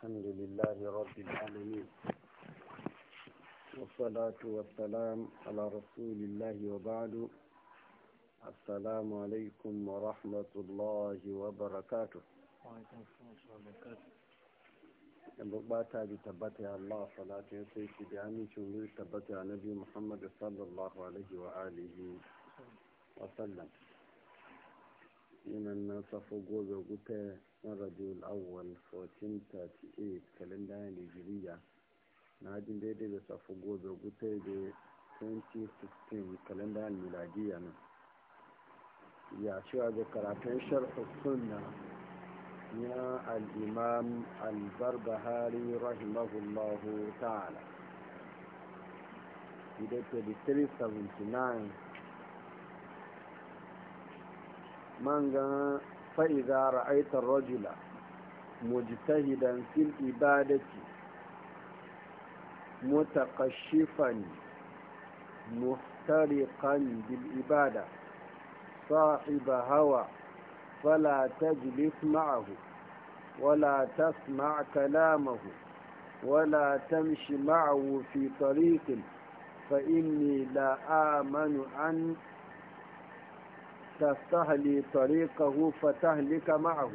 الحمد لله رب العالمين والصلاة والسلام على رسول الله وبعد السلام عليكم ورحمة الله وبركاته وعليكم السلام ورحمة الله وبركاته bukata bi tabbata ya Allah salatu ya sai shi da amincin wuri tabbata ya Nabi Muhammad sallallahu sinan na safa goza guta na rabiul awwal 1438 kalendayen nigeria na hajjin daidai da safa goza da 2016 kalendayen miladiya nan ya cewa da karatun sharhu sunna ya al-imam al-barbahari rahimahullahu ta'ala 379 manga فإذا رأيت rajula mujtahidan fil ibadati متقشفا محترقا بالإبادة صاحب هوى فلا تجلس معه ولا تسمع كلامه ولا تمشي معه في طريق فإني لا آمن أن تستهلي طريقه فتهلك معه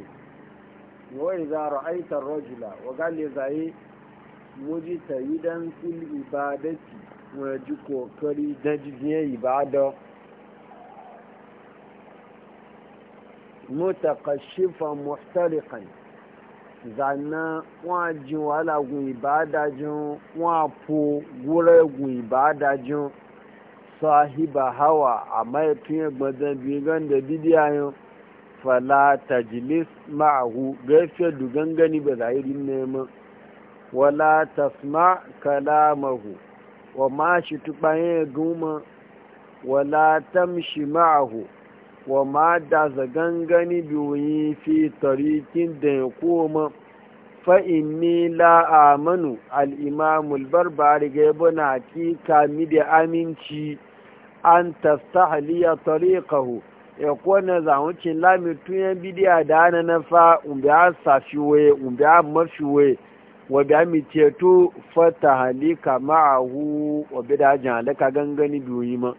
وإذا رأيت الرجل وقال لي ذا زي يدا في الإبادة ويجوكو كري دجزي إبادة متقشفا محترقا زنا wọn jin wàhálà gun ìbáadájú wọn àpò sahiba hawa a maifin gbadan bigan da bidiyayen fala tajlis ma'ahu gaifiyar dugan gani ba zahirin neman wala tasma kalamahu wa ma shi ya guma wala tamshi ma'ahu wa ma da zagan gani yi fi tarikin da ya koma ni la'amanu al'imamul barbari ga yabo na kika mi da aminci an liya tariqahu ya e kone zahuncin lami tuyen bidiya da ana na fa umbi a safiwe umbi a mafiwe wa bi ami ceto fata halika ma'ahu wa bi da ajin halaka gangani biyu ma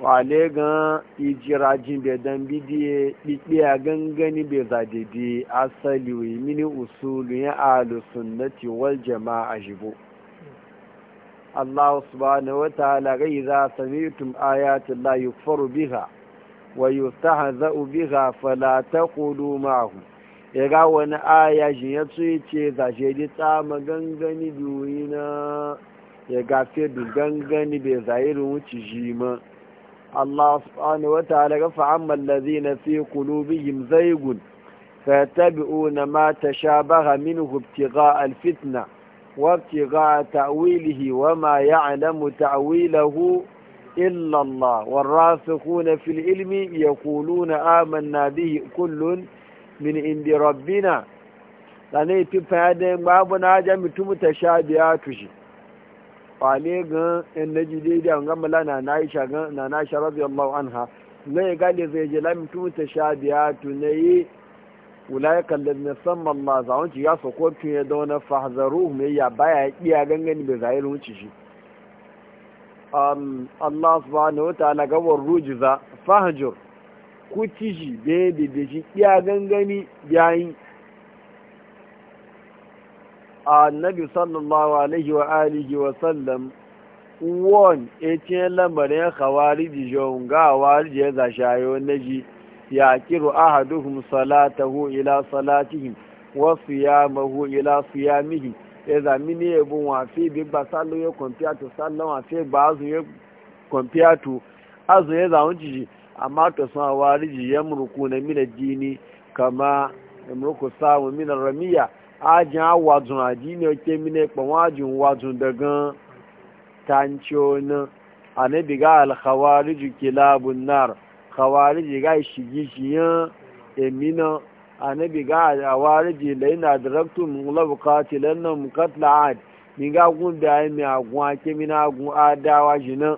wa le gan ijira jin bai dan bidiye bidiya gangani bai zadede asali wa mini usulu ya alu sunnati wal jama'a jibo الله سبحانه وتعالى إذا سمعتم آيات الله يكفر بها ويستهزأ بها فلا تقولوا معهم ya wani aya shi ya tsoye ce za shi yi tsama gangani biyu na ya gafe du gangani bai zahirin wuce shi ma Allah subhanahu wa ta'ala ga fa'amman lazina fi qulubihim zaygun fatabi'una ma tashabaha minhu ibtigha alfitna وابتغاء تأويله وما يعلم تأويله إلا الله والراسخون في العلم يقولون آمنا Kullun, كل من عند ربنا sanai tufa ya da babu na ja mutum ta sha biya tushi kwale ga in na ji daidai an gama na yi shagan na na sha rabiyallahu anha zai gane zai je la mutum ta sha biya tunayi ulaika alladhina samma Allah za wanci ya sako tun ya da wani fahzaruhum ya baya iya gangani bai zahirin wuce shi um, Allah subhanahu wataala ga warrujiza fahjur ku tiji be de de ji iya gangani yayin annabi sallallahu alaihi wa alihi wa sallam won e tiyan lamarin khawariji jonga warje za na ji. yaqiru ahaduhum salatahu ila salatihim wa siyamahu ila siyamihim idza mini yabun wa fi bi basalu ya kompiatu sallan wa fi bazu ya kompiatu azu ya zawun jiji amma to sun wariji yamruku na min dini kama yamruku sawu min ramiya ajin awazun adini oke mine pawon ajin wazun dagan tancho na anabi ga al khawarij kilabun nar kawariji ga shigi shiyan emina anabi ga khawariji la ina daraktum la buqatilanna qatla ad min ga gun da ai mi agun ake min agun adawa jina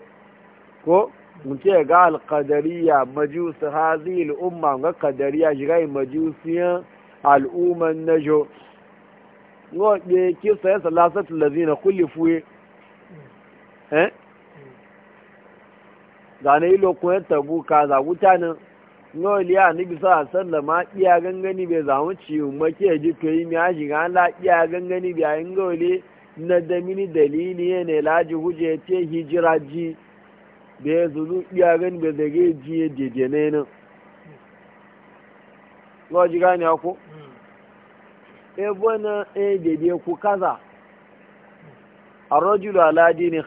ko mun ce ga alqadariya majus hadhihi al umma ga qadariya shiga majusiyan al umma najo ngo de kisa ya salasatu allazina khulifu eh zane ilo koyar tabu ka za mutanen no liya ni bisa sallama iya gangani bai zamu ci make ji to yi mi aji ga la iya gangani bai ayin gole na da mini dalili ne laji huje te hijira ji bai zulu iya gani bai zage ji na. ne nan no ji gani ako hmm. e bona e dede ku kaza الرجل على دين a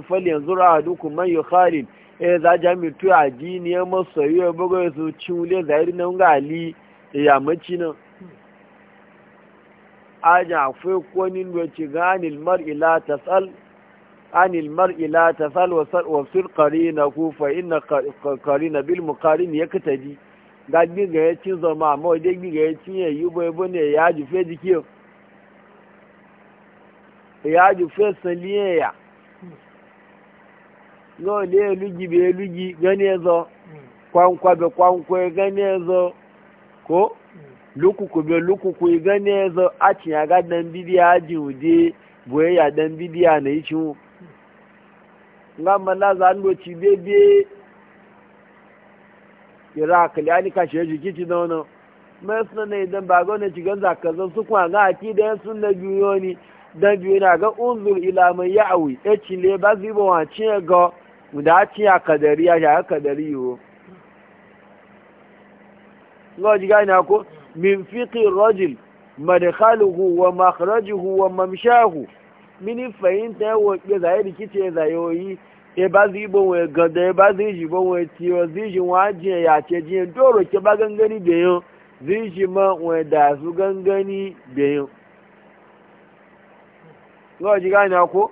فلينظر أحدكم من يخالل e za ja mi tu addini ya yi ya bugu ya so cule zairi na wunga ali e, ya maci nan aja akwai konin wace ga anil mar'i la tasal anil mar'i la tasal wa sir na kufa ina kari na bil kata ji ga gbiga ya ci zama amma wajen gbiga ya ci ya yi bai ne, ya jufe jiki ya jufe saliya yau ne elugi bai elugi gani ezo kwankwa bai kwankwa gani ezo ko lukuku mm. bai lukuku gani ezo a cinya ga dan bidiya ajin ude boye ya dan a e na yi cin nga mala za ndo ci bebe iraq li ani ka shi jiki ci nono mai suna ne na ba gane ci ganza ka zan su kuma ga aki da yan na biyu ne dan biyu na ga unzur ila mai ya'awi e ci le ba chi wa e ga guda ci a kadari a shaka kadari yiwu lọ́wọ́ ji gani ko min fiƙi rajul madakhaluhu wa makharajuhu wa mamshahu mini fahimta yawo ya zaye rikice ya zayoyi e ba zai bon wa gada e ba zai ji bon wa tiyo zai ji wa jiya ya ce jiya doro ke ba gangani da yau zai ji ma wa da su gangani da yau lọ́wọ́ ji gani ko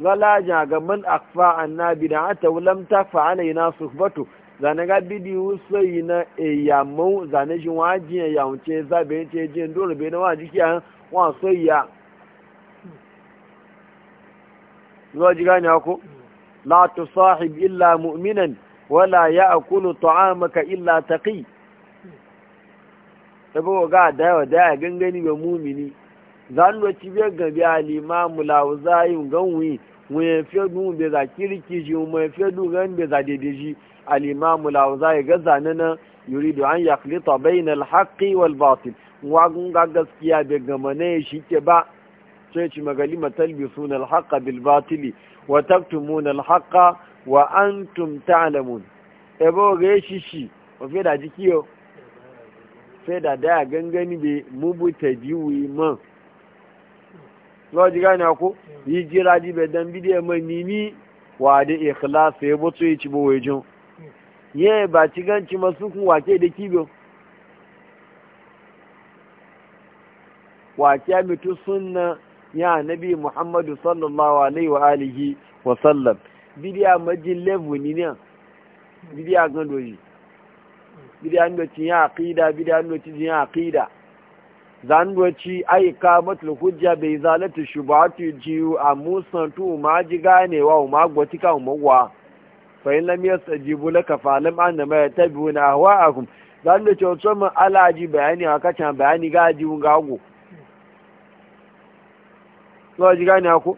gala ja ga man akfa annabi da ata lam takfa alaina suhbatu zane ga bidi usai na e yamu zane jin waji ya yaunce zabe ce jin dole be na waji kiya wa soyya loji gani ako la tusahib illa mu'minan wala ya'kulu ta'amaka illa taqi tabo ga da da gangani ga mumini zanwa ci be gabi alimamu lawzayin ganwi wani fiye dun be za kirki shi wani fiye dun gan be za daidai shi alimamu lawzayi ga zanana yuridu an yaklita bainal haqqi wal batil wagun ga gaskiya be gamane shi ke ba sai ci magali matalbisuna al haqqa bil batili wa taktumuna na haqqa wa antum ta'lamun ebo ga e shi shi o fe da jikiyo fe da da gangani be mubuta yi man nawa ji gane ko yi jira ji bai dan bidiyo ẹmọ nini wa da ikhlas ya ya ci bo wajin ye ba ci ganci masu kun wake da kibo wake mitu sunna ya nabi muhammadu sallallahu alaihi wa alihi wa sallam majin level ni ne gan an ya aqida bidiyo an ya aqida ai ka matul hujja bai zalata shubatu jiyu a musan tu ma ji ganewa ma mu umagwa fa in lam yastajibu laka fa lam an ma yatabuna ahwa'akum ci wato mun alaji bayani aka can bayani ga ji un gago so ji gane ko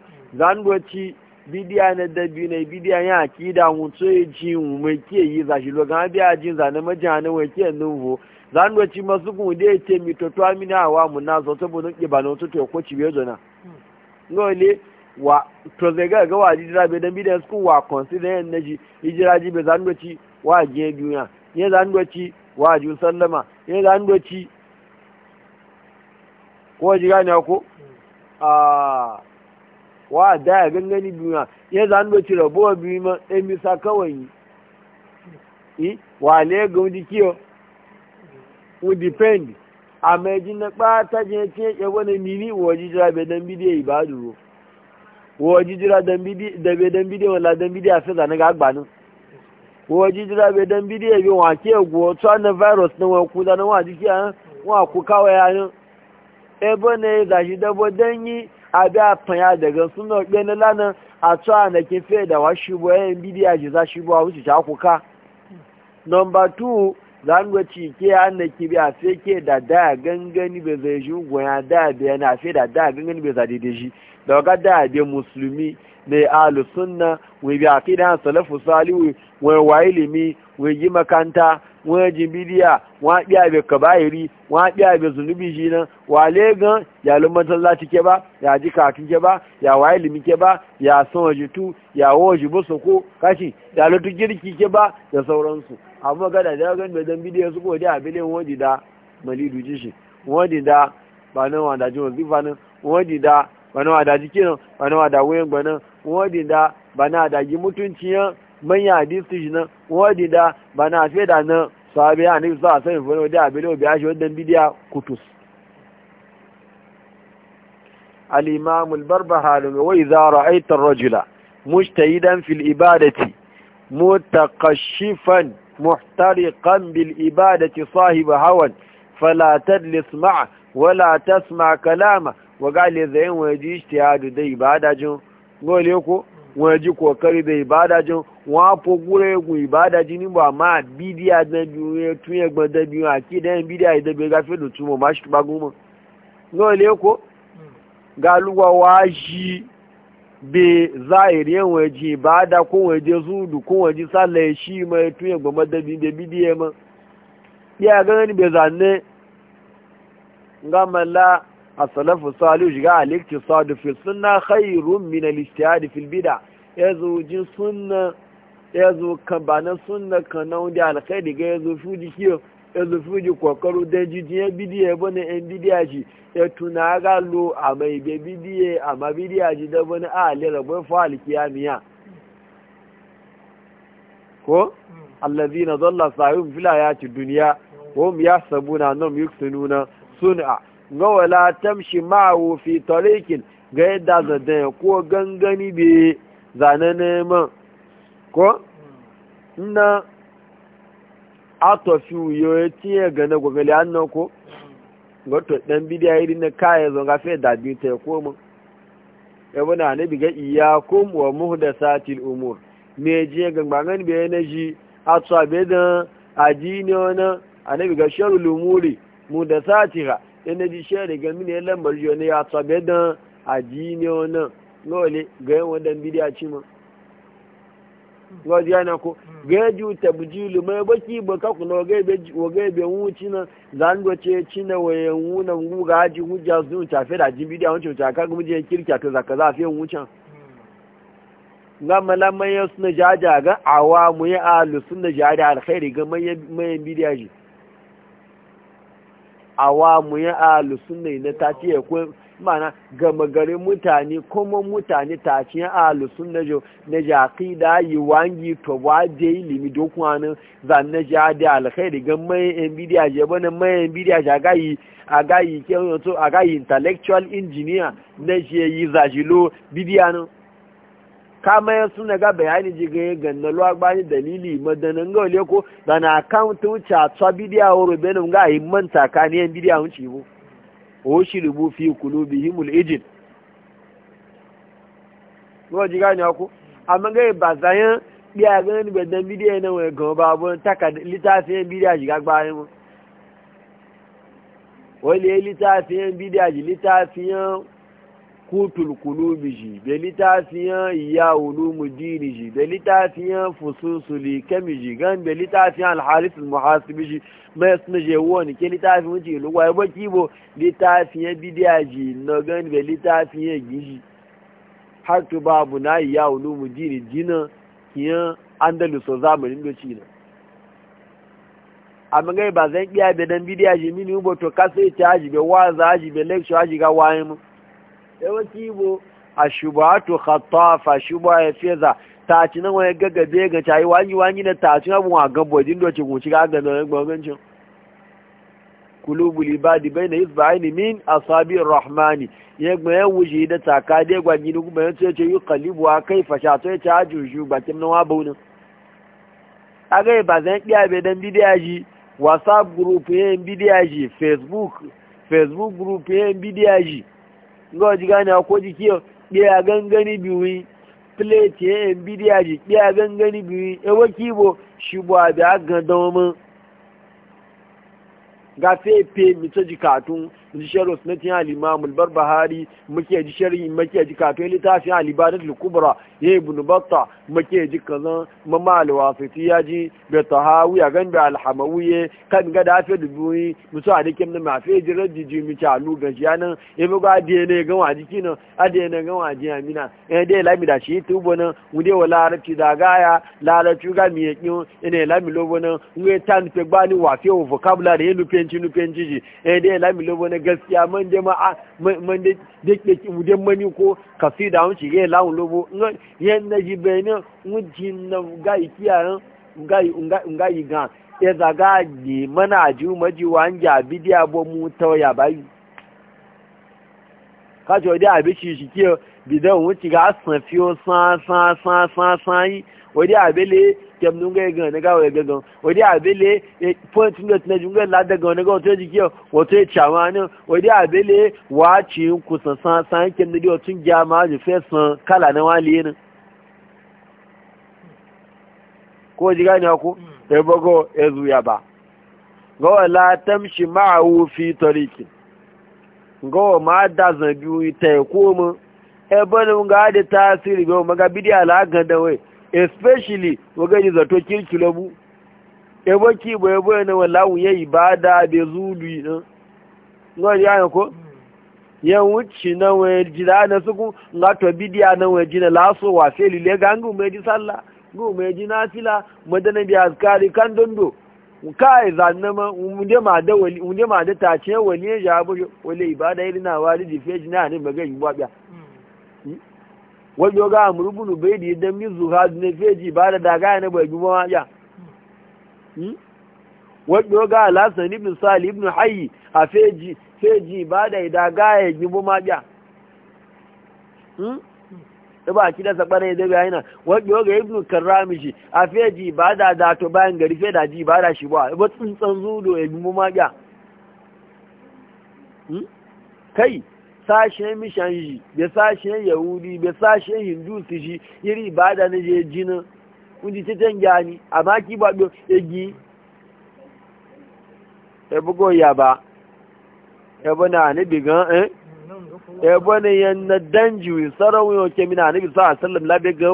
ci bidiya na dabi na bidiya ya akida mun so ji mun ke yi zashi a biya jin zanen majana ke nuvo zanwaci masu kun da ya ce mitoto amini a wamu na zo saboda ke ba na wasu to ko hmm. cibiyo zona ngole wa to zai ga ga waji jira be dan bidan su wa consider yan naji hijira ji be zanwaci wa je duniya ya zanwaci wa ju sallama ya zanwaci ko ji gane ko hmm. a ah, wa da ya gangani duniya ya zanwaci rabuwa biyu ma ɗan bisa kawai yi hmm. wa ne ga wani kiyo would depend a ji na ɓata je ce ya wani mini waji jira be dan bidiyo ibadu duro waji jira dan bidi da be dan bidiyo wala dan bidiyo sai na ga gbanu waji jira be dan bidiyo bi wa ke go to na virus na wa ku da na wa jiki an wa ku ya an e ne da shi da bo dan yi abi a ya daga suna ɗaya na lana a to na ke fe da wa shi bo yan bidiyo ji za shi bo a wuce ta ku ka number 2 zangoci ke ki bi a sai ke da da gangani be zai shi ya da bai yana sai da da gangani be zai daidai shi da waka da bai musulmi ne ahlu sunna wai bi aqida salafu salihu we wa ilimi we yi makanta ji bidiya wa biya bai kabairi wa biya bai zunubi shi nan wa legan ya lumman sallaci ke ba ya ji kakin ke ba ya wa ilimi ke ba ya son wajitu ya wajibu su ko kashi ya lutu girki ke ba da sauransu abu gada da gan mai dan bidiyo su ko da bilin wodi da malidu duji shi wodi da ba nan wa da jiwon zifa nan wodi da ba nan wa da jiki nan ba nan wa da wayan gwa wodi da ba na da gi mutunci yan manya hadisi shi nan wodi da ba na fe da nan sahabi a nabi sa sai fa wodi abile obi shi wadan bidiyo kutus الإمام البربهاري وإذا رأيت الرجل مجتهدا في الإبادة متقشفا محترقا بالإبادة صاحب هوى فلا تدلس معه ولا تسمع كلامه وقال إذا ويجي اجتهاد دي إبادة جو قول يكو ويجي كوكري دي إبادة جو wapo gure ku ibada jini ba ma bidi adaju e tun egbon debi aki den bidi ai debi ga fedo tumo ma shi bagumo no le ko galuwa wa ji be zahiri yan waje ba da ko waje zudu ko waje sallah shi mai tuye goma da bi da bidiye ma ya gani be zanne ga mala as-salafu salih shiga a sadu fi suna khairun min al-ijtihad fi al-bid'a yazo jin sunna yazo kan bana sunna kan da alkhairi ga yazo fuji kiyo yanzu fuji kokaro da jijiyan bidiyo bane yan bidiyo shi ya tuna ga lo a mai be bidiyo a ma bidiyo shi da bane a lera bai fa'al kiyamiya ko allazina duniya ko mu hayati sabu wa hum yahsabuna annahum yuksinuna sun'a ga wala tamshi ma'ahu fi tariqin ga yadda zadan ko gangani be zanane neman ko na Ato fi yo ya tiye ga na gwagali annan ko goto dan bidiya iri na kaya zo ga fe da bi ta ko mu yabo na ne biga iyakum wa muhdasatil umur me je ga bangan be na ji atsa be da ajini ona anabi ga sharul umuri muhdasatiha ina e ji shari ga mini lambar yo ne atsa be da ne ona ngole ga yawan dan bidiya ci Hmm. gaji ko gaju bujilu mai baki ba ka kuna wagai bai wuci na zan doce ci na wayan wunan guga haji hujja sun tafi da jin bidiyon wancan ta kaga muje kirkiya ta zaka za fiye wucin hmm. gama malaman ya suna jaja ga awa mu ya alu suna jaja alkhairi ga mayan bidiyon shi awa mu ya alu suna na tafiye ko mana gama garin mutane kuma mutane a alusun na jo na jaƙi da yi wangi to ba da limi dokunanin zan na ja da alkhairi gan mayan yan bidiya je bane mayan yan bidiya je agayi agayi kyau to agayi intellectual engineer na je yi zajilo bidiya nan kama suna ga bayani jiga ganna luwa bani dalili madanin ga ko da na account wuce a tsabidiya wuri benin ga yi manta ka ne yan bidiya wuce bu وشربوا في قلوبهم الإجل waji gane ku amma gai ba zayen biya ganin bedan bidiyo na wani gaba babu takarda littafin bidiyo shiga bayan mu wani littafin bidiyo littafin kutul kulubi ji da litafiyan iya ulumu dini ji da litafiyan fususuli kemi ji gan da litafiyan alhalis muhasibi ji mai suna je wani ke litafi wuce lugwa ya baki bo litafiyan bidiya ji na gan da litafiyan gizi. har tu babu na iya ulumu dini jina kiyan andalusa zamanin doci na amma gai ba zan iya bedan bidiya ji mini ubo to kasa ita aji wa za aji be lecture aji ga wayan mu ewa kibo a shubatu khatafa shuba ya feza ta ci nan wani gaggabe ga ta yi wani wani na ta ci abu a gabo jin doce ko ci gaga na gwagancin kulubul ibadi baina aini min asabi rahmani ya gba ya wuce da ka dai gwani ni kuma yace ce yi qalibu a kai fasha to yace ajuju bakin nan A ne yi ba zan iya be dan bidiya ji whatsapp group ya bidiya ji facebook facebook group ya bidiya ji nga waji gane ko jiki ɗaya gangani biyu plate ya yan bidiya ji ɗaya gangani biyu ewa kibo shi bo da aka dama gafe pe mito jikatun jishar sharo sunatin al-imam al-barbahari muke ji sharhi muke ji kafin littafin al-ibadat al-kubra ya ibn batta muke ji kazan mama al ya ji bi ya gan bi alhamawu ya kan ga da fi dubi musu a dikin na mafi ji rajiji mi ta lu ga jiyanan ya bu ga de ne gan waji kina a de ne gan waji mina ya dai lami da shi tubo nan wude wa larabci da gaya larabci ga mi yakin ene lami lobo nan we tan pe gba wa vocabulary ya lu penci lu penci ji ya dai lami lobo ne gaskiya man dai ma'a man dai dake mudan mani ko kasida hun shi yayi lawun lobo yan ji bene mujin na ga ikiya ga ga ga ga ya zaga ne mana ju maji wanja bidiya bo mu tawaya bayi ka jo dai abi shi shi ke bidan wuci ga asan fiyo san san san san san yi wadi abele kem nunga ga na ga wa abele e, point nunga tna junga la da ga na ga wato jiki wato ya chama ne wadi abele wa ci ku san san san kem ne dio tun jama ji fesan ne ko ji gani ko e bogo e zuya ba ga wala tamshi ma'ahu fi tariqin ga wa ma da zabi ta ko mu e bani ga da tasiri ga maga bidiya la da wai especially wagaji zato kirkilabu ebo ki na ebo ya wala wuye ibada be zudu ina eh. ngo ya ko hmm. ya wuci na wani jira na suku nga to bidiya na jira jina laso wa lile ga gangu me ji sallah go me ji nafila madana bi azkari kan dondo kai zanna ma unde ma da wali unde ma da tace wali ya jabo wali ibada irin na wali di feji na ne magan yi biya wajen ga amurbunu bai da idan min zuha da daga ne bai ga alasan ibn sali ibn a feji feji ba da daga ya bi mawa ya da ba ki da da bai ga ibn karramishi a feji ba da da bayan gari fe da ji ba da shi ba ba tsuntsan zudo ya bi ma ya kai sashen mishan shi da sashen yahudi da sashen hindu su shi iri ibada na je jinin kundi ta canja ni amma ki ba do egi e bugo ya ba ya bona ni bigan eh ya bona yan na danji sarawi o ke mina ni sa sallam labe ga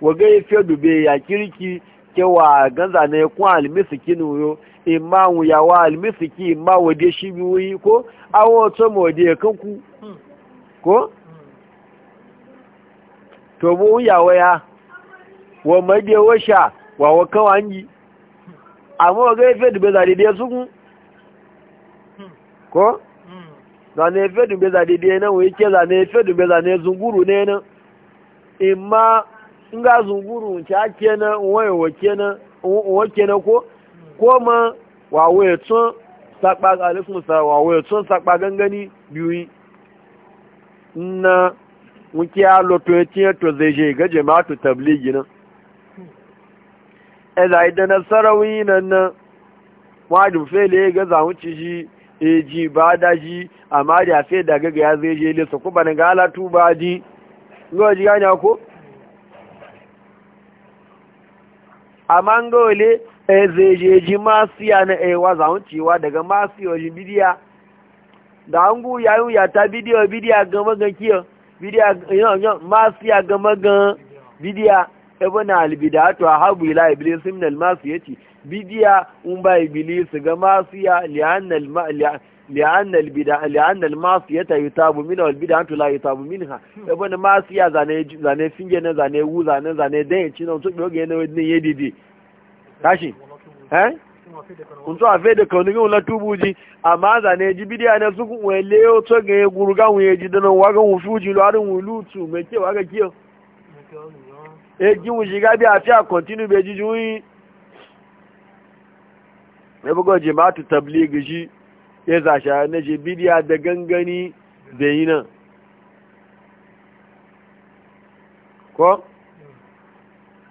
waga ya fiye dube ya kirki ke wa na ne kun almiskin yo imma mu yawa almisiki imma wade shi biyoyi ko awo to mu wade kanku ko to mu yawa ya wa made washa wa wa kawangi amma ga ife dube zade da su ku ko zane ife dube zade da nan wai ke zane ife dube zane zunguru ne nan imma in ga zunguru ta kenan wayewa kenan wakenan ko Koma ma wawaye tun sakpa alifin sa wawaye tun sakpa gangani biyu na wuki a loto ya tiye to zai je ga jama'atu tabligi nan e da idan na sarawi nan nan wajin fele ga zamuci shi e ji ba da ji amma da fe daga gaga ya zai je lesa ku bana ga alatu ba ji ngo ji ganya ko amma ngole ezejeji masiya na ewa zaun cewa daga masiyojin bidiya da an gu yayin ya ta bidiyo bidiya gama gan kiyo bidiya yan masiya gama gan bidiya ibn a habu ila iblis min almasiyati bidiya un ba iblis ga masiya li'anna al li'anna albida li'anna almasiyata yutabu min albidatu la yutabu minha na masiya zane zane finge na zane wu zane zane dan ci na to biyo na ne yadidi tashi eh unto afe da kauni ga wala tubuji amma za ne ji bidiya na su kun leo to ga guruga mu ji da nan waga mu fuji lo arin wulutu me ke waga kiyo e ji mu ga bi afi a continue be ji yi me bugo ma tu tabligh ji ya e zasha na ji bidiya da gangani da yi nan ko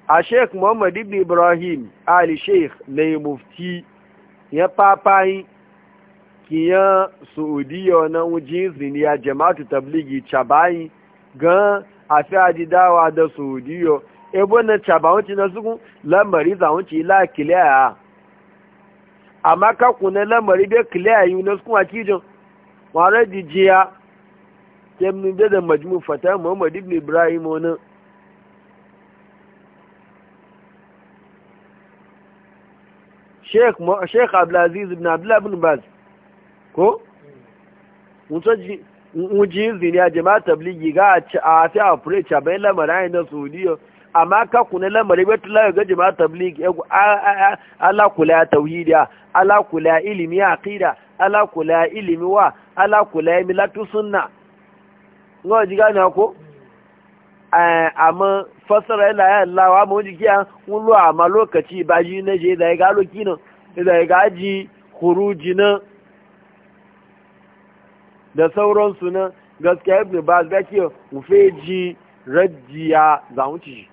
a sheik muhammad ibn ibrahim ali sheik mai mufti ya fafayi kiyan saudiya na wujin ziniya jama'atu tabligi cabayi gan a fi ajidawa da saudiya ebo na cabawanci na sukun lamari zawanci la kiliya amma kakuna lamari bai kiliya yi na sukun a kijin ware jijiya kemnu da majmu fata muhammad ibn ibrahim wani sheikh abdulaziz ibn abdullah ibn baz ko wujin zini a jama'a tabligi ga a fi a fure cabai lamarin na saudiya amma ka kuna lamarin wetu layo ga jama'a tabligi ala kula tauhidiya ala kula ilimi aqida ala kula ilimi wa ala kula milatu sunna ngo ji gane ko eh, amma fasara ila ya Allah wa mu ji kiyan mun lo amma lokaci ba ji na je da ya galo kinan zai gaji huruji nan da sauransu na gaskiya ibn ba gaskiya ufe ji rajiya za mu ci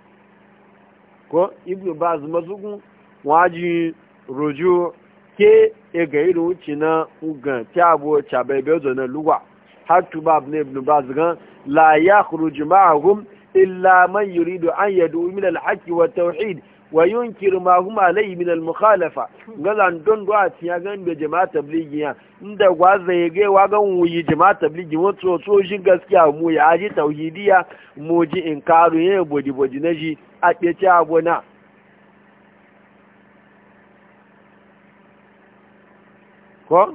ko ibn baz mazugun waji rojo ke e ga irin wuce na ugan ti abu chabe na luwa har tuba ibn ibn ba ga la ya khuruj ma'ahum illa man yuridu an yadu min al-haqqi wa tawhid wa yunkiru ma hum alayhi min al mukhalafa galan don do a tiya gan be jama'a tabligi ya inda gwaza ya ga wa gan wuyi jama'a tabligi wato so shi gaskiya mu ya aji tauhidiya mu ji inkaru ya bodi bodi na ji a ci abona ko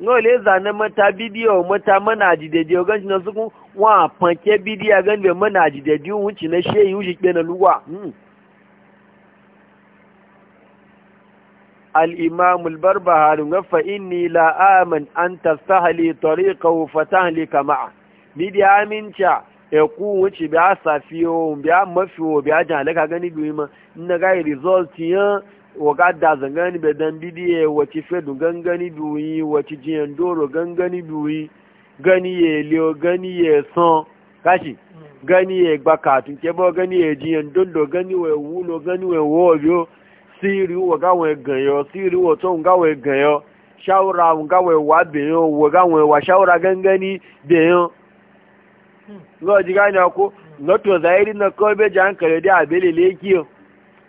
no le zane mata bidiyo mata mana jidede gan shi na ku wa panke bidiya gan be mana jidede wuci na sheyi wuci kpe na luwa hmm. الإمام البربهار فإني لا آمن أن تستهلي طريقه فتهلك معه نبي آمن شا يقول وشي بيا سافيو بيا مفيو بيا جهلك أغاني بيما نغاي ريزولت يان وقعد دازن غاني بدن بدي وشي فيدو غاني بيوي وشي جيان دورو غاني بيوي غاني يليو غاني يسان kashi gani ya gbaka tun kebo gani ya jiyan dondo gani wa wulo gani wa wobiyo siri wo ga we ganyo siri wo to ga we ganyo shawara ga we wa beyo wo ga we wa shawara gangani beyo ngo ji ga ko ngo to zairi na ko be jan kare da abele lekiyo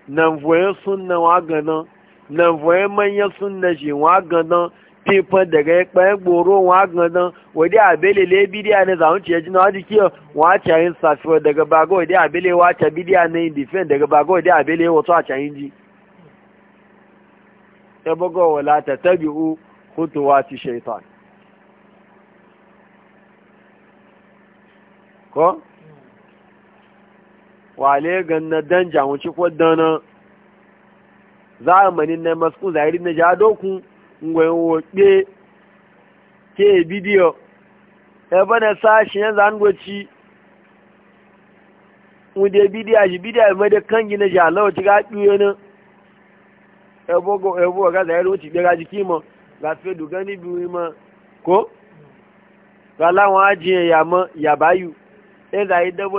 nan voye sunna wa ganan nan voye manyan sunna shi wa ganan fifan daga ya ɓayan gboro wa ganan wadi abele le bidiya ne zaun ce jina wadi kiyo wa cayin safiwa daga baga wadi abele wa ca bidiya ne indifen daga baga wadi abele wato a cayin ji. ya bugo wala ta tabi'u khutuwati shaitan ko wale ganna dan jamuci ko dana zamanin na masku zahiri na jadoku ngwe wobe ke bidiyo e bana sashi yan zangoci mu de bidiya ji bidiya mai da kangi na jalo ti ga duyo na ebogo ebo ga da yaro ci ga jiki ga fe du gani du ko ga lawon ajiye ya mo ya bayu e da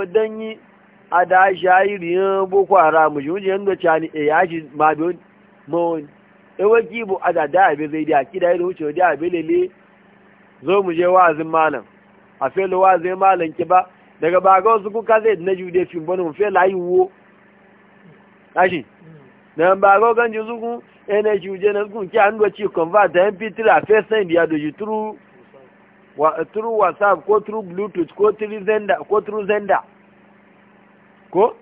boko haram ju je ndo chani e ya ji ma do mo ewe kibo ada da abe zai da kida yaro ci da abe lele zo mu je malam a fe lo wazin malam ki ba daga baga wasu na jude fim bani mu nan ba ga ganji zugun ene juje na zugun ki an ci convert da mp3 a first send ya doji through wa through whatsapp ko through bluetooth ko through zenda ko through zenda ko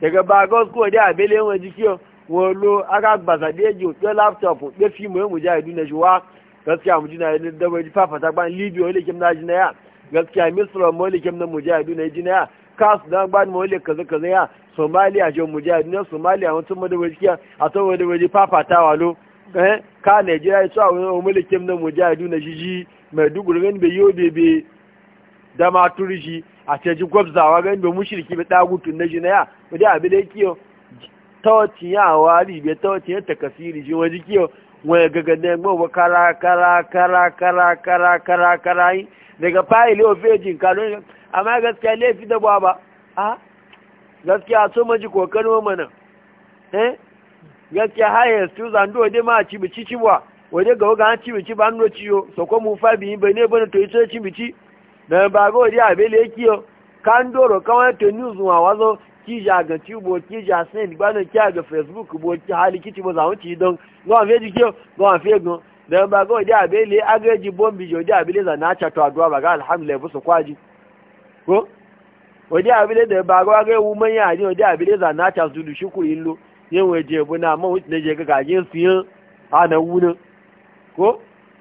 daga ba ga ko da abele won wo wolo aka gbasa de ji o laptop be fi mo mu ja idu na juwa gaskiya mu jina yin da bai fafata ban libya wale kim na jina ya gaskiya misra mo wale kim na mu ja idu na jina ya kas da ban mo wale kaza kaza ya somaliya jo mujahid na somaliya wani tun mada wajiya a tun mada waje fafatawa lo eh ka nigeria ya tsawo wani mulkin na mujahidu na jiji mai duguri gani bai yau bebe da maturji a caji gwabzawa gani bai mushirki bai dagutun na jinaya wadda abin da yake tawacin ya wari bai tawacin ya takasiri shi wani kiyo wani gagane gbawa kara kara kara kara kara kara kara yi daga fayili ofejin kano amma gaskiya laifi da ba ba a gaskiya so maji kokarin mana eh gaskiya haye su zando dai ma ci bici ci wa waje ga ga ci bici ba no ciyo so ko mu fa bi bane bane to ito e ci bici na ba go dai abele kiyo kan doro kawai to news wa wazo ki ja ga tubo ki ja send ba no ki ga facebook bo ki hali ki ci bo zawo ci don go an feji kiyo go an fego na ba go dai abele agaji bombi jo dai abele za na cha to adwa ba ga alhamdulillah bu so kwaji ko wadi abile da ba gwa ga woman ya ni wadi abile za na ta zulu shukuri illo yin waje buna ma wuce da je ga gaje su yin wuna ko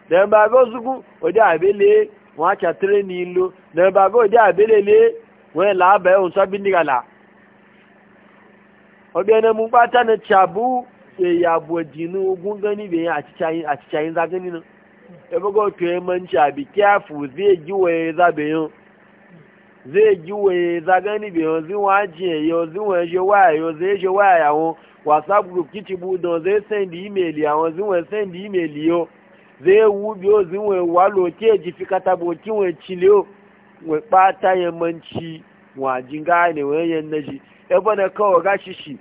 da ba ga su ku wadi abile wa illo da ba ga wadi abile le wa la ba on sa bin digala obi na mu pata na chabu e ya bo dinu ogun gani be a cicayin a cicayin za gani nan e bo go to man chabi careful zai ji waya za be yin zai ji waye za gani bai yanzu waje yanzu waje waya yanzu yaje waya yawon whatsapp group kici budon zai send email ya yawon zinwe send email yo zai wubi o zinwe walo ke ji fi katabo kinwe chile o we pata yamanci wajin gane wayan naji ebe na kawo gashi shi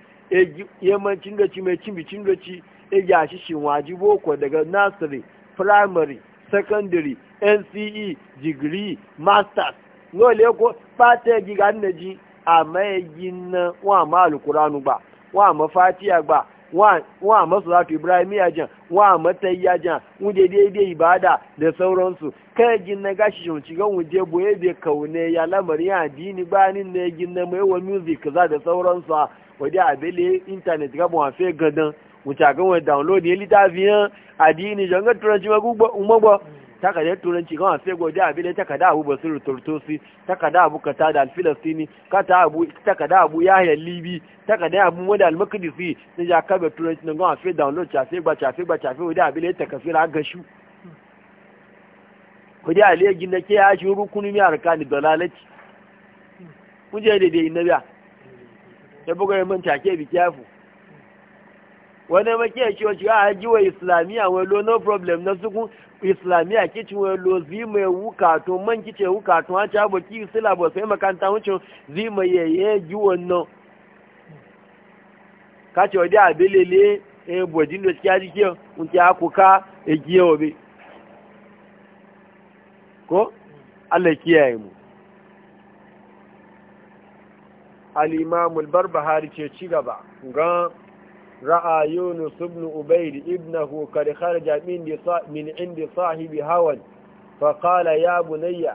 yamancin da ci mai cimbicin da ci e ya shi shi e e waji boko daga nursery primary secondary nce degree masters lóòlẹ́ kó pátẹ́ gíga nìjí àmọ́ ẹ̀yí ná wọn àmọ́ alukuranu gbà wọn àmọ́ fatia gbà wọn àmọ́ sọ̀rọ̀ ibrahim yajan wọn àmọ́ tayyajan wọn dé déédéé ibada da sauransu kan gina ná gashi shunci gan wọn dé bo ebe kaune ya lamarin addini bayanin na ẹ̀yí ná mai wa music za da sauransu a wadda abele internet ga bon afe gadan wuta gan wọn download ya littafiyan addini jangar turanci magugbo takardar turanci kawai sai gode abi ne takarda abu basiru rutortosi takarda abu kata da alfilastini kata abu takarda abu ya yahya libi takarda abu wadda almakadisi sai ja kabe turanci na gawa sai download chafe ba chafe ba chafe ya abi ne takafira gashu kudi aliyu gina ke ya shi rukuni mai ni dalalaci kuje da dai inabiya ya buga ya manta ke bi kyafu wani makiya shi wacce a ji wa islamiyya wai lo no problem na suku islamiyya kicin wai lo zi mai to man kice wukatun a cabo ki silabo sai makanta wucin zi mai yaye ji wannan ka ce wadi abelele e bojin da cikin ajiyar nke akuka e giyewa bi ko allah kiyaye mu al-imam al-barbahari ce ci gaba gan رأى يونس بن أبيد ابنه قد خرج من, من عند صاحب هوى فقال يا بني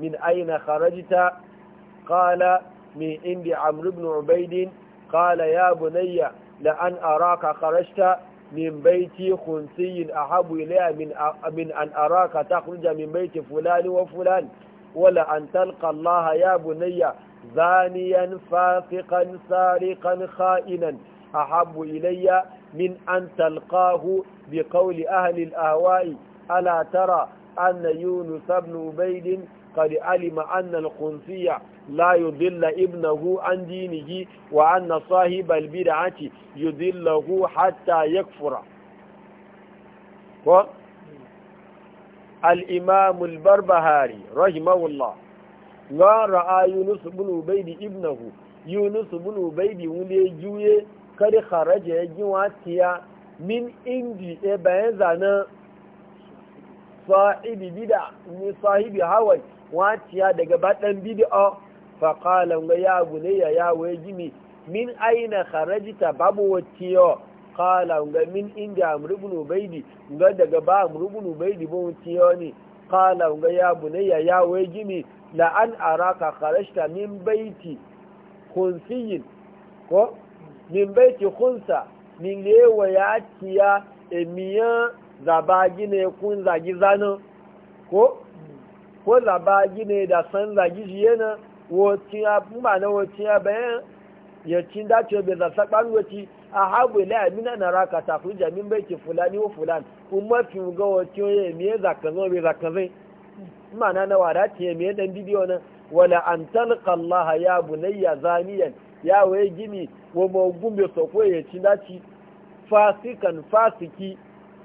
من أين خرجت قال من عند عمرو بن عبيد قال يا بني لأن أراك خرجت من بيتي خنسي أحب إلي من, من أن أراك تخرج من بيت فلان وفلان ولا أن تلقى الله يا بني زانيا فاسقا سارقا خائنا أحب إلي من أن تلقاه بقول أهل الأهواء ألا ترى أن يونس بن عبيد قد علم أن القنصية لا يضل ابنه عن دينه وأن صاحب البدعة يضله حتى يكفر الإمام البربهاري رحمه الله ما رأى يونس بن عبيد ابنه يونس بن عبيد ولي kari kharaja ya gi watiya min indi e bayan zanen sahibi bida ni sahibi hawan watiya daga baɗan bid'a faƙalan ga ya gune ya waye gini, min aina ta babu watiyo ƙalan ga min inda amr ibn ubaydi ga daga ba amr ibn ubaydi ba watiyo ne ƙalan ga ya gune ya waye gini, la an araka kharajta min baiti kunsiyin ko min bai baiti kunsa, min wa ya tiya emiyan zabagi gine kun zagi zanen, ko ko zabagi ne da san zagi jiye na wacin ya kuma na wacin ya bayan ya cin dace bai zasa ɓangoci a habu ila amina na raka ta kuja min baiti fulani wa fulani kuma fi ga wacin ya emiyan zakazan bai zai ma'ana na na wada ce emiyan dan bidiyo na wala an talqa Allah ya bunayya zaniyan yawo ya gini wa magun bai sako ya ci daci fasikan fasiki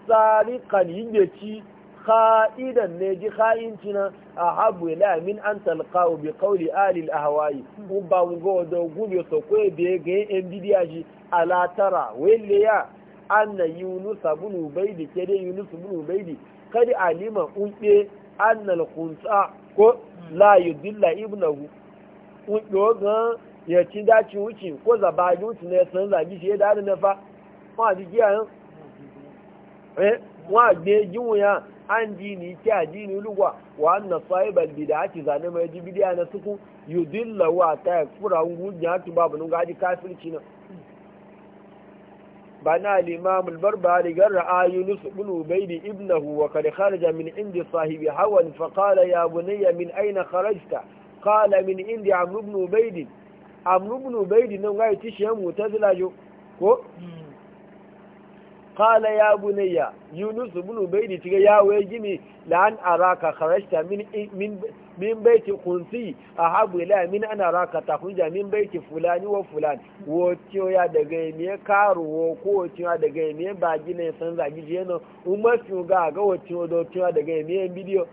tsarikan yin ci ka'idan ne ji ka'inci a habu min an talqawo bi qawli ali al-ahwa'i kun ba mu go da gube so ko be ga yan bidiya ji ala tara welle ya anna yunus ibn ke de yunus ibn ubaydi kad alima unbe an al-khunsa ko la yudilla ibnahu un do gan ya ci daci wuce ko zaba ji wuce na ya san zabi shi ya da na fa wọn àti kí àyán wọn àgbẹ̀ jíwò yá áńdí ní kí àdí ní olúwa wà á nà zane mai gbèdà àti ìzànà mọ ẹjí bídí àná sókún yóò dín lọ́wọ́ àtà ẹ̀fúra ngú jẹ́ àtúbà bùnú na. di káfíríkì náà. bana al-imam al-barbari garra bulu bai da ibnahu wa kare kharaja min inda sahibi hawan fa kala ya bunayya min aina kharajta kala min inda amr bai da amrubnu baidi nan ga yi shi mu ta zilajo ko qala ya bunayya yunus ibn baidi tiga ya waye gimi la an araka kharajta min min min baiti kunsi ahabu ila min an araka takunja min baiti fulani wa fulani wotiyo ya daga me karuwo ko wotiyo ya daga me baji ne san zagi je no umma su ga ga wotiyo do tiyo daga me bidiyo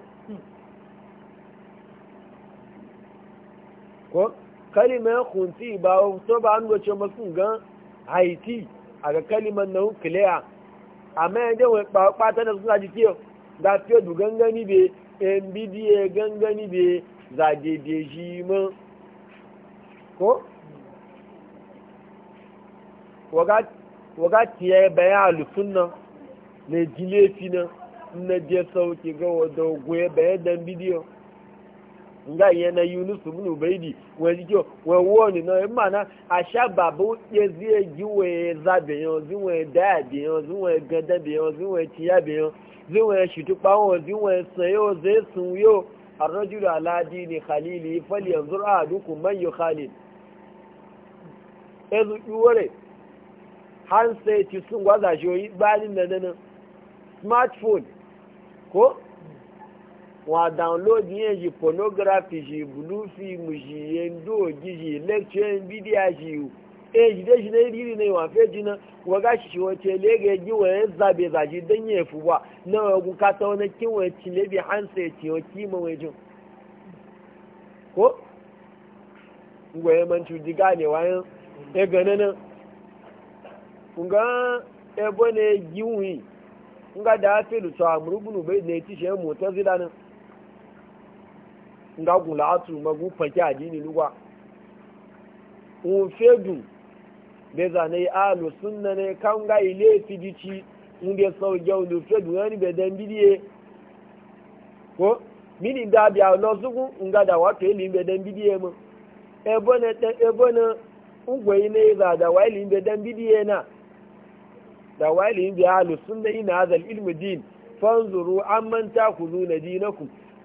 ko kalimar kunti ba so ba an wace masu gan haiti a ga kalimar na hukuliya amma yanzu wani kpata da suna jike da fiye da gangani be nbda gangani be zagege shi ma ko waga tiye bayan alufin nan na jilefi nan na jesa oke ga da goye bayan dan bidiyo nga yẹn na yunus bin ubaidi wọn ti jọ wọn wọ ni náà ẹ mana aṣábàbọ yẹzi èjì wọn ẹza bẹyàn zi wọn ẹdá bẹyàn zi wọn ẹgẹdẹ bẹyàn zi wọn ẹtìyà bẹyàn zi wọn ẹṣùtúpa wọn zi wọn ẹsàn yóò zi ẹsùn yóò arọjúlọ aláàdì ní khalili fọlì ẹnzọrọ àdúkù mẹyọ khalil ẹzu ìwọrẹ hansẹ ti yìí báyìí nínú smartphone kó. Wa download yẹn yi pornography yi blue shi, yi endo yi yi lecture nvidia yi e yi de yi ne riri ne wọn fẹ jina ga shi wọn tiẹ lẹgẹ yi wọn zabe zaji dẹyìn ẹfu wa náà wọn kún kata wọn kí wọn ti lẹbi handset wọn kí mọ wọn jùn ko ngwẹ yẹn mọtò di gaani wa yẹn ẹ gànà náà nga ẹ bọ na yi nga fi lùtọ àmúrúgbùnú bẹ́ẹ̀ na etí ṣe é mú tẹ́sí nga gula atu magu fake adini lugwa un fedu be zane alu sunna ne kan ga ile fidici un be sau jau lu fedu yani be dan bidiye ko mini da biya lo sugu nga da wato ile be dan bidiye mu ebo ne te ebo ne ugwe ne za da waili be dan bidiye na da waili be alu sunna ina azal ilmu din fanzuru amman takhuzuna dinakum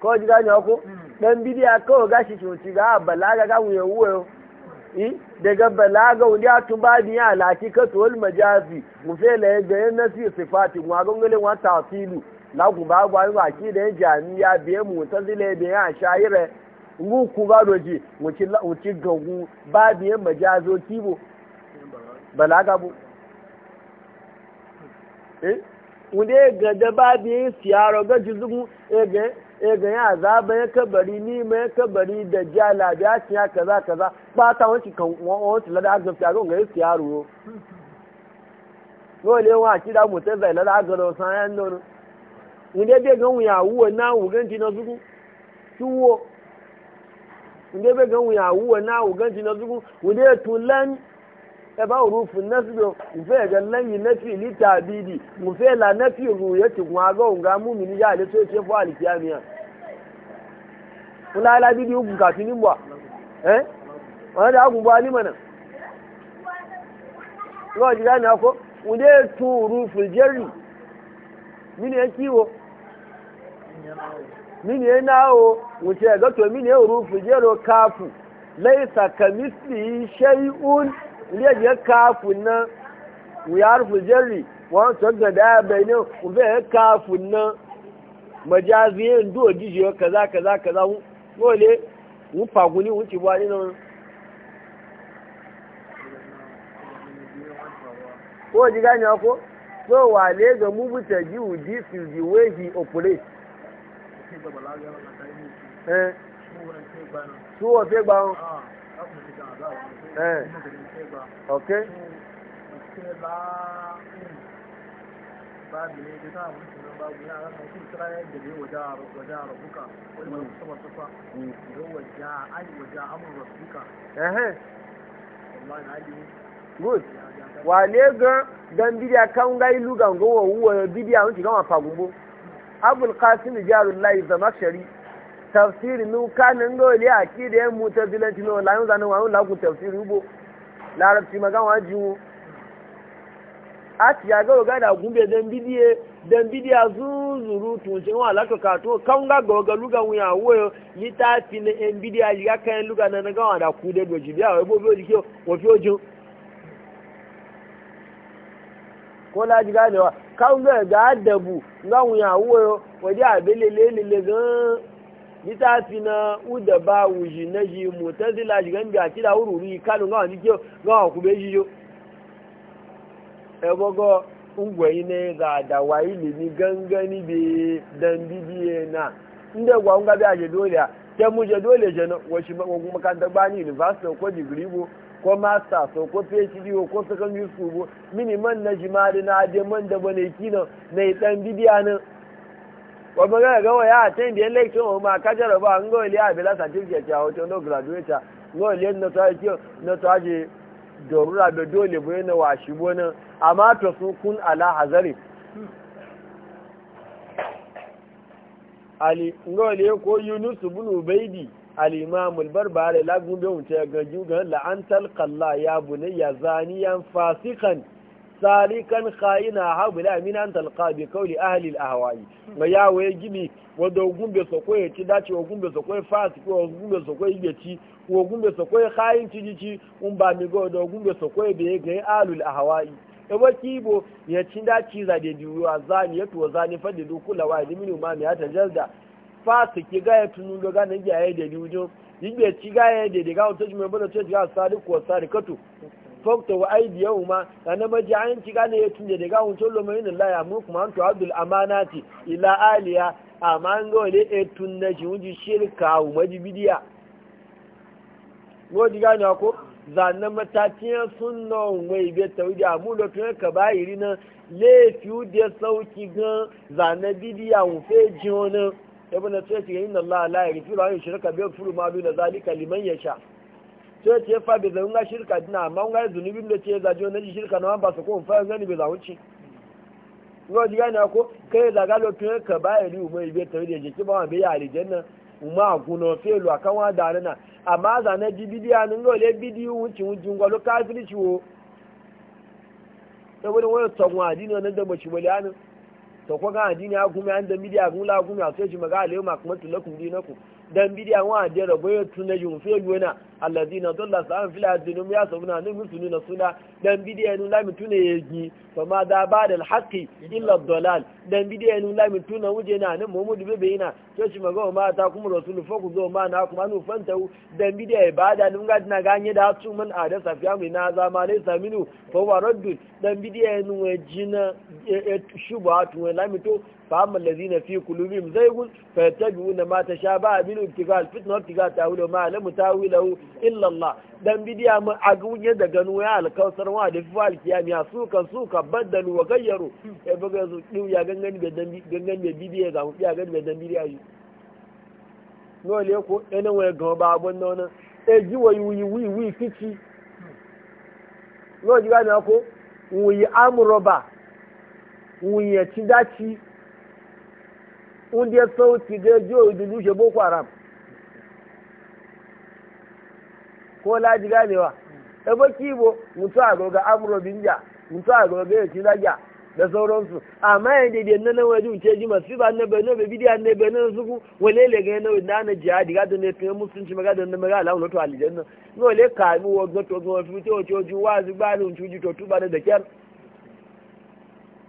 ko ji gane ko dan bidiya ko ga shi shi ga balaga ga mu yawo yi daga balaga wani atu tun ba ni alaki ka to wal majazi mu fe la da yan nasi mu wa gongole wa tafsilu la ku ba gwa ba ki da jami'a be mu tazile be ya shaire ngu ku ba doji mu ci mu ci gagu ba biye majazo kibo balaga bu eh wunde ga da babu yin siyaro ga jizugu e e ya azaba ya kabari ni ma ya kabari da jala da ya siya kaza kaza ba ta wanci kan wanci lada yo le wa ki da zai lada o san yan nono ga wuya wuwa na wugan ti na ebe urufu nasdo nfe ga lanyi nafi li tabidi nfe la nafi ruyati kuma ga unga mumini ya le so ce fo alkiyamiya kula la bidi ugu ka tinin ba eh wani da agun ba ni mana ko ji gani ako unde tu urufu jerri mini ya kiwo mini ya o wuce ga to mini ya urufu jero kafu laisa kamisli shay'un ilé yẹn káàfù náà wùyárùfù jẹ́rì wọ́n tó gàdá ẹ̀bẹ̀ ní òfẹ́ yẹn káàfù náà mọ̀jáàzì yẹn dùn òjijì yẹn kaza kàzá kàzá wọ́n lé wọ́n pàgùn ní wọ́n ti wá nínú wọn. ko ji ko so wale ga mubuta ji uji su ji wehi opure su wa fe Eh, eh, ok good wale ga dan kan gai lugan gowa wuwa bidiya gama fagumbo abul zama tafsiri nu kanin gole a da yan mutar zilanci na wala zanen wa lagun tafsiri ubo larabci magan wa a ti ya ga ga da gumbe dan bidiye dan zuzuru ka kan ga ga ga luga wuya ni ta fi luga na na da ku doji biya adabu ga wuya litafi na uda ba wuji na ji mutazila ji gan biya kida ururi kanu ga wani kiyo ga wa kube ji yo ebogo ungwayi ne ga da ni limi gangani be dan bibiye na inda gwa unga biya je dole ya ke mu je dole je na washi makaranta gbani university ko degree bo ko master so ko phd ko secondary school bo mini man na jimari na ade man da bane kino na dan e bibiya na e wọ́n gẹ́gẹ́ gẹ́gẹ́ wọ́n yá àtẹ́yìn díẹ̀ lẹ́kítọ́ wọn máa kájọ̀rọ̀ bá ń gọ́ ilé àbílá sàtífìkẹ̀tì àwọn tó ń lọ gíràdúrétà ń gọ́ ilé nọ́tọ́ ajé dọ̀rúra bẹ̀ dóòlè bóyá náà wà ṣubú náà àmọ́ àtọ̀ fún kún àlá àzárì. ń ilé kó yúnú bùnú bẹ́ẹ̀dì alimamul barbare gan la'antar kalla ya bunayya zaniyan fasikan salikan khayina habu la min an talqa bi qawli ahli al ahwa'i ma ya waye gibi wado gumbe soko ya ci dace wa gumbe soko ya fasi ko gumbe soko ya geci ko gumbe soko ya kayin ci ci un ba mi go do gumbe soko ya be ga ahli al ahwa'i e wa bo ya ci dace za de diwa zani ya to zani fadi da kula wa di minu ma mi ya tajalda fasi ki ga ya tunu do ga na ya ya de diwo yigbe ci ga ya de de ga to ji me bodo to ji ga sadiku wa sadikatu fokta wa yau ma na maji an ci gane ya tunje daga hun tolo mai nan laya mu kuma an to abdul amanati ila aliya amma ga le e tunne ji ji shirka u maji bidiya ngo ji gane ko zanna matatiyan sunna mai be tawidi amu lo tun ka bayiri na le fiu de sauki gan zanna bidiya wa fe jona ibn tsayi inna allah la yaghfiru an yushraka bihi wa yaghfiru ma duna zalika liman yasha' sai ce fa bai zai nga shirka dina amma nga zunubin da ce zaje na ji shirka na ba su ko fa gani bai zawuci ngo ji gani ko kai da galo to ka ba ri umai bai tawi da jiki ba bai ya aljanna uma guno felu akan wa da na amma za na ji bidiya nan ngo le bidiyu wuci wujin gwalo kafiri ciwo saboda wani tsawon adini na da bashi wali anin to ko ga adini ya kuma an da bidiya kun la kuma sai shi maga ma kuma tulakum dinakum dan bidiya wa da rabo ya tunaji mu fe alladina dalla sa'an fil adinum ya sabuna ne musuni na suna dan bidiya nu lami tune yeji fa ma da ba da alhaqi illa dalal dan bidiya nu lami tuna wuje na ne muhammadu bebe ina to shi maga ma ta kuma rasul fa ku zo ma na kuma nu fanta dan bidiya ibada dun ga na ganye da su mun ada safiya mai na zama ne saminu fa wa raddu dan bidiya nu wajina shubatu lami to فأما الذين في قلوبهم زيغ فيتبعون ما تشابه منه ابتغاء الفتنة وابتغاء تأويله ما لم تأويله illallah dan bidiya mu a gunye da gano ya alkausar wa da fi su kan su ka baddalu wa gayyaru ya buga su ɗin ya gangan da gangan da bidiya ga mu ya gangan da dan bidiya yi nole ko ɗanan wani gama ba abun nan wani e ji wa yi wi wi wuyi fici nole ji ga na ko wuyi amuroba wuyi ya ci daci wunde sauti da jiyo da lushe boko haram ko laji ganewa da baki bo mutu a goga amuro binja mutu a goga ya ci zagya da sauransu amma ya dede na nan wajen ce ji masu ba na bai nobe bidiya na bai nan suku wale le ga na na na jihadi ga da ne fiye musulunci maga da na maga alamu to alijan nan wale kami wa gato ga wasu wuce wace wajen wazi ba da wuce to tuba da da kyar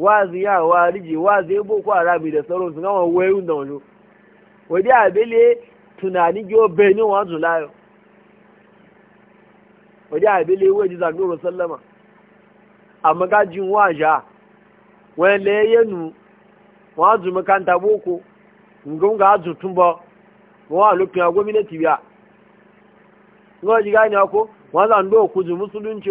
wazi ya wa wazi ya boko harami da sauran su gama wayoyin da wani wadi abele benin wa zulayo wadi abele waje zanuru sallama amma gajin waja wani layenu wa makanta boko ngunga azu tumba wa lupin a gwamnati biya ngo ako wa zan musulunci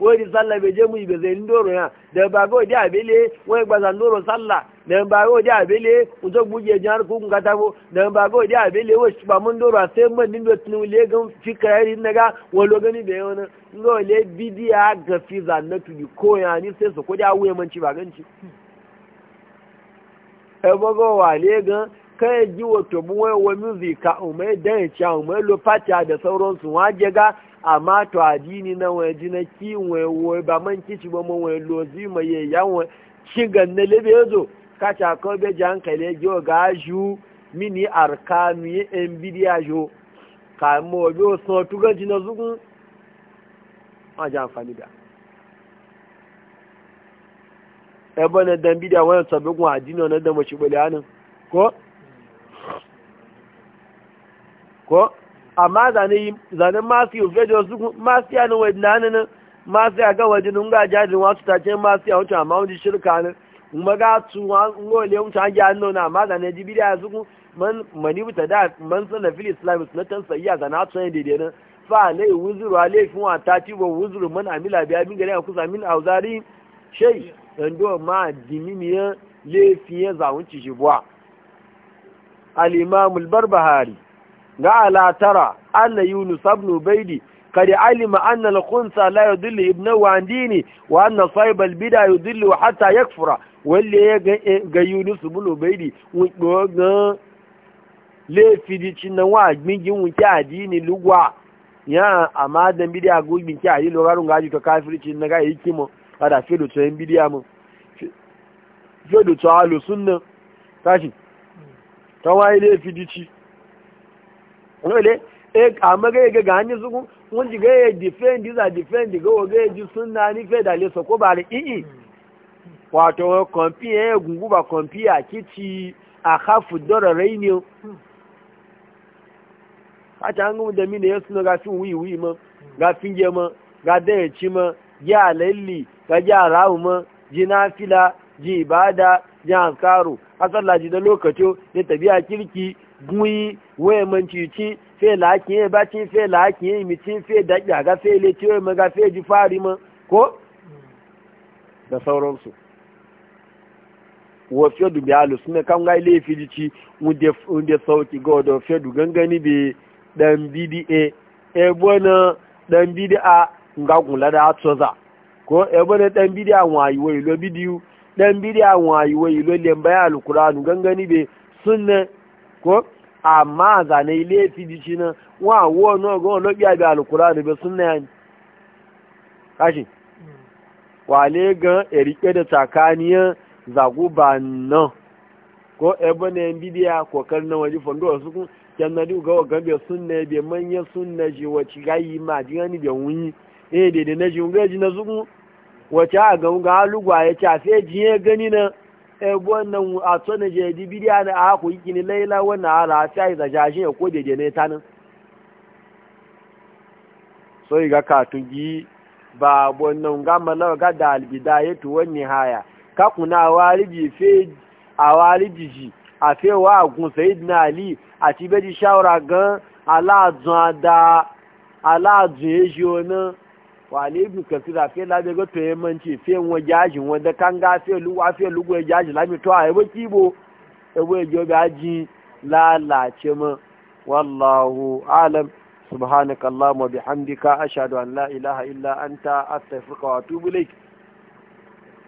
wọ́n di sallah bẹ jẹ́ mu ìbẹ̀sẹ̀ ní ya yẹn dẹ̀mbà kó di àbílẹ̀ wọ́n gbàsà dòrò sallah dẹ̀mbà kó di àbílẹ̀ wọ́n gbú jẹ jẹ́ kó ń kata fo dẹ̀mbà kó di àbílẹ̀ wọ́n sùpà ndị dòrò àti mọ̀ nínú tunu gan fi rí nẹ́gà wọ́n lọ gẹ́ni bẹ̀ yẹn náà lé bídí a gan fi kó yẹn àní sẹ́sọ̀ kó di awé ka a òun amma to adini na wani ji na wani ba man kici ba man wani lozi mai yi yawon shigan na lebe ya zo ka cakon bai ji hankali ya ga ju mini arkanu ya yan bidiya jo ka mo wabi wasu tuga ji na zugun a ji amfani da ebe na dan bidiya wani sabi kun adini na dan mashi bali hannun ko ko amma zane masu yau fejo su masu yi ni wajen nanin masu ya ga wajen nun jajin wasu ta ce masu ya wuce amma wajen shirka ne kuma ga su ngole wuce an gya nuna amma zane ji bidiya su man mani wuta da man sana fili islamist na sayi a zana su yi daidai nan fa lai wuzuru laifin wa ta ci wa wuzuru man amila biya bin gari a kusa min auzari shai do ma dimimiyan laifin ya zawunci shi buwa al-imamul barbahari ga tara anna yunus ibn baidi al-khunsa la الخنثى لا wa andini wa anna sayb al-bida يضل hatta yakfura walli ga Yunus ibn Ubaydi wogan le fidi chinna wa gbingin wuce adini lugwa ya amada dan bidiya go ayi lo logarun gaji to kafiri chinna ga yiki ada kada to en amu mo to alu sunna tashi tawai le fidi fi wale amma ga ga gani zugun mun ji ga ya defend is a defend ga o ga ji sunna ni fe da le so ko bare i wato kompi e gungu ba kompi a kici a khafu dora rainio a ta hangu da mini ya suna ga fi wi wi ma ga finge ma ga dan ci ma ya lalli ga ya rawu ma ji nafila ji ibada ji hankaru a sallaji da lokaci ne tabiya kirki gwi waye mancici fe laki ye baci fe laki ye mici fe daƙi ga fe leci waye ga fe ji fari ma ko da sauransu wa fiye du biyalu suna kan ga ile fi jici wunde sauki ga wadda fiye du gangani bi dan bda e bona dan bda nga kula da atsoza ko e bona dan a wayi wayi lo bidiyu dan a wayi wayi lo lemba ya alqur'anu gangani be sunna ko amma zane laifi jiki nan wa wo no go lo biya bi alqur'ani be sunna yan kashi wale ga erike da tsakaniya zaguba nan ko ebe na bidiya kokar na waje fondo su kun kyan na duga ga be sunna be manya sunna ji gayi ma jingani be wunyi eh, na ji na ga ya ci jiye gani na ebuwan nan a tsonin jadi bidiya na a haku yi kini laila wannan ala sai da jashin ya ko deje ne tanin so yi ga katun gi ba wannan ga malawa ga da albida ya haya kakuna ka kuna waliji fe a waliji ji a fe wa gun sayid na ali a ti beji shawara gan alazun ada alazun ya ji wani. wale ibi kasira fe be ga to yamanci fe wa jajin wanda kan ga fe wa fe lugu ya jaji mi to a baki e bo ebo e jo la lalace ma wallahu alam subhanakallahumma bihamdika ashhadu an la ilaha illa anta astaghfiruka wa atubu ilayk